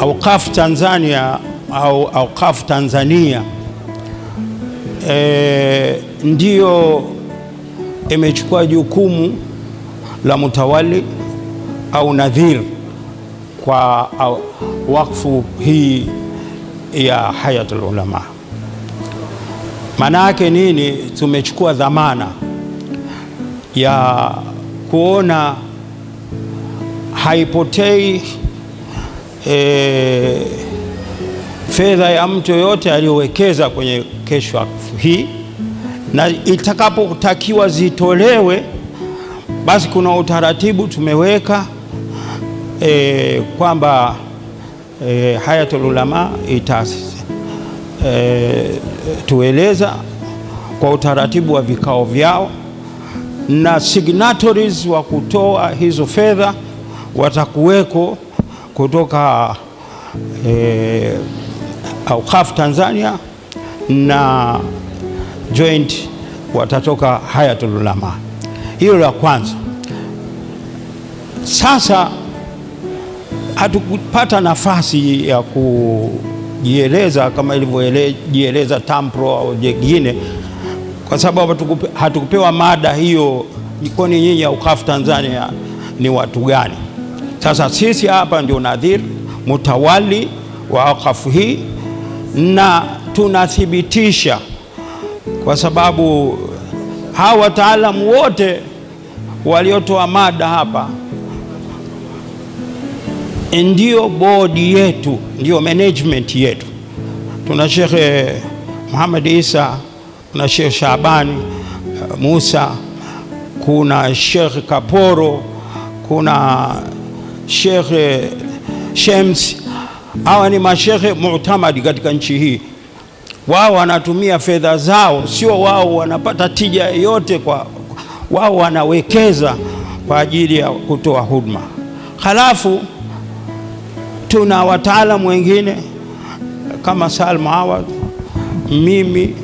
Auqafu Tanzania au Auqafu Tanzania e, ndiyo imechukua jukumu la mutawali au nadhir kwa au, wakfu hii ya Hayatul Ulama. Maana yake nini? Tumechukua dhamana ya kuona haipotei e, fedha ya mtu yoyote aliyowekeza kwenye kesha hii na itakapotakiwa zitolewe, basi kuna utaratibu tumeweka e, kwamba e, Hayatul Ulama itatueleza e, tueleza kwa utaratibu wa vikao vyao na signatories wa kutoa hizo fedha watakuweko kutoka e, Aukafu Tanzania na joint watatoka Hayatul Ulama. Hilo la kwanza. Sasa hatukupata nafasi ya kujieleza kama ilivyojieleza Tampro au jengine, kwa sababu hatukupewa mada hiyo. Jikoni nyinyi aukaf Tanzania ni watu gani? Sasa sisi hapa ndio nadhir mutawali wa wakafu hii, na tunathibitisha kwa sababu hawa wataalamu wote waliotoa mada hapa ndio bodi yetu, ndio management yetu. Tuna Shekhe eh, Muhammad Isa, kuna Shekhe Shabani eh, Musa, kuna Shekhe Kaporo, kuna Shekhe eh, Shems, hawa ni mashekhe mutamadi katika nchi hii. Wao wanatumia fedha zao, sio wao wanapata tija yote kwa wao, wanawekeza kwa ajili ya kutoa huduma. Halafu tuna wataalamu wengine kama Salma Awad, mimi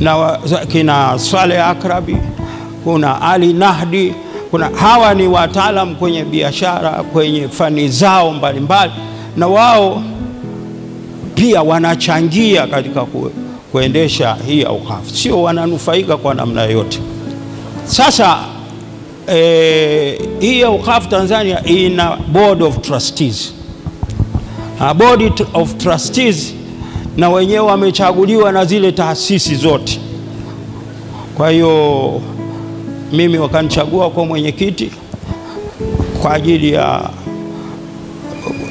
na kina Saleh Akrabi, kuna Ali Nahdi kuna hawa ni wataalamu kwenye biashara, kwenye fani zao mbalimbali mbali, na wao pia wanachangia katika kuendesha hii aukafu, sio wananufaika kwa namna yote. Sasa e, hii aukafu Tanzania ina board of trustees na board of trustees na wenyewe wamechaguliwa na zile taasisi zote, kwa hiyo mimi wakanichagua kwa mwenyekiti kwa ajili ya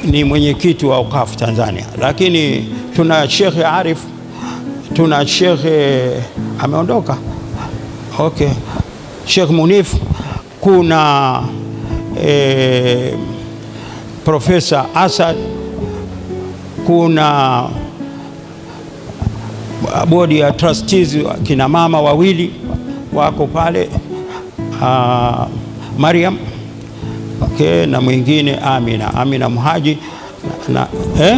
ni mwenyekiti wa ukafu Tanzania, lakini tuna Shekhe Arif, tuna Shekhe ameondoka, okay, Shekh Munif, kuna e, Profesa Asad, kuna bodi ya trustees kina mama wawili wako pale. Ah, Mariam okay, na mwingine Amina, Amina Muhaji na, eh?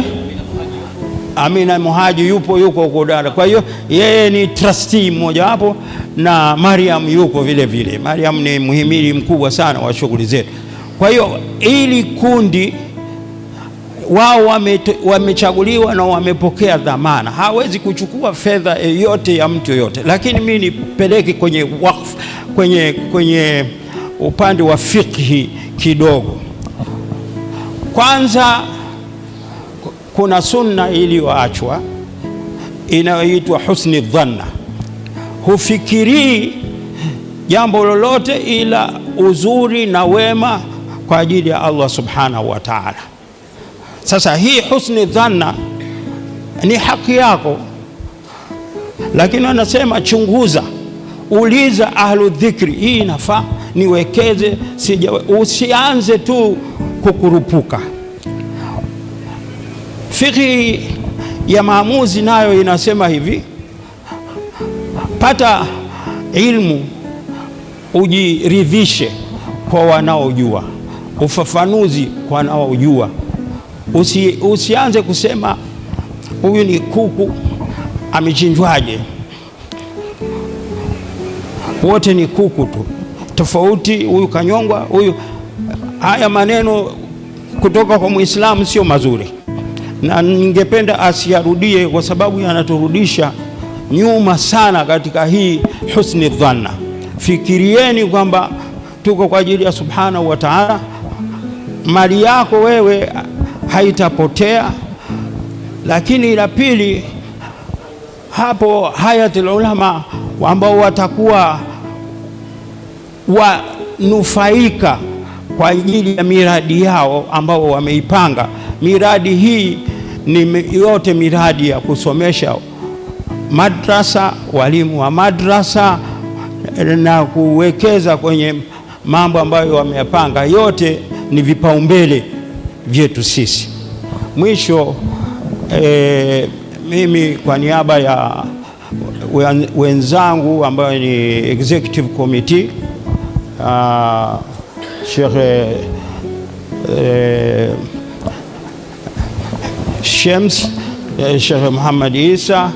Amina Muhaji yupo yuko huko Dar. Kwa hiyo yeye ni trustee wapo na Mariam yuko vile vile. Mariam ni mhimili mkubwa sana wa shughuli zetu. Kwa hiyo ili kundi wao wamechaguliwa wame na wamepokea dhamana, hawezi kuchukua fedha yoyote ya mtu yoyote, lakini mimi nipeleke kwenye wakfu kwenye, kwenye upande wa fikhi kidogo. Kwanza kuna sunna iliyoachwa inayoitwa husni dhanna, hufikirii jambo lolote ila uzuri na wema kwa ajili ya Allah subhanahu wa ta'ala. Sasa hii husni dhanna ni haki yako, lakini anasema chunguza uliza ahlu dhikri, hii inafaa niwekeze? Sija, usianze tu kukurupuka. Fikhi ya maamuzi nayo inasema hivi: pata ilmu ujiridhishe kwa wanaojua, ufafanuzi kwa wanaojua. Usi, usianze kusema huyu ni kuku amechinjwaje? wote ni kuku tu, tofauti huyu kanyongwa huyu. Haya maneno kutoka kwa Muislamu sio mazuri, na ningependa asiyarudie, kwa sababu yanaturudisha nyuma sana katika hii husni dhanna. Fikirieni kwamba tuko kwa ajili ya subhanahu wa taala. Mali yako wewe haitapotea, lakini la pili hapo hayatul ulama ambao watakuwa wanufaika kwa ajili ya miradi yao ambao wameipanga. Miradi hii ni yote miradi ya kusomesha madrasa, walimu wa madrasa eh, na kuwekeza kwenye mambo ambayo wameyapanga. Yote ni vipaumbele vyetu sisi. Mwisho e, mimi kwa niaba ya wenzangu ambayo ni executive committee uh, Sheikh Shems uh, Muhammad Isa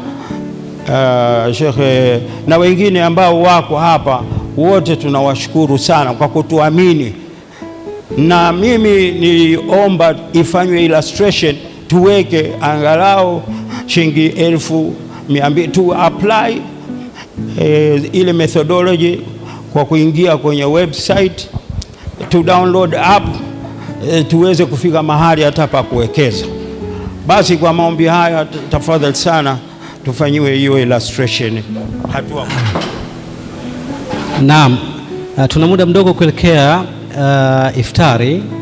euh, euh, na wengine ambao wako hapa wote tunawashukuru sana kwa kutuamini, na mimi niliomba ifanywe illustration tuweke angalau shilingi elfu mia mbili tu apply eh, ile methodology kwa kuingia kwenye website to download app e, tuweze kufika mahali hata pa kuwekeza. Basi kwa maombi haya, tafadhali sana tufanyiwe hiyo illustration hatua. Naam, eh, tuna muda mdogo kuelekea uh, iftari.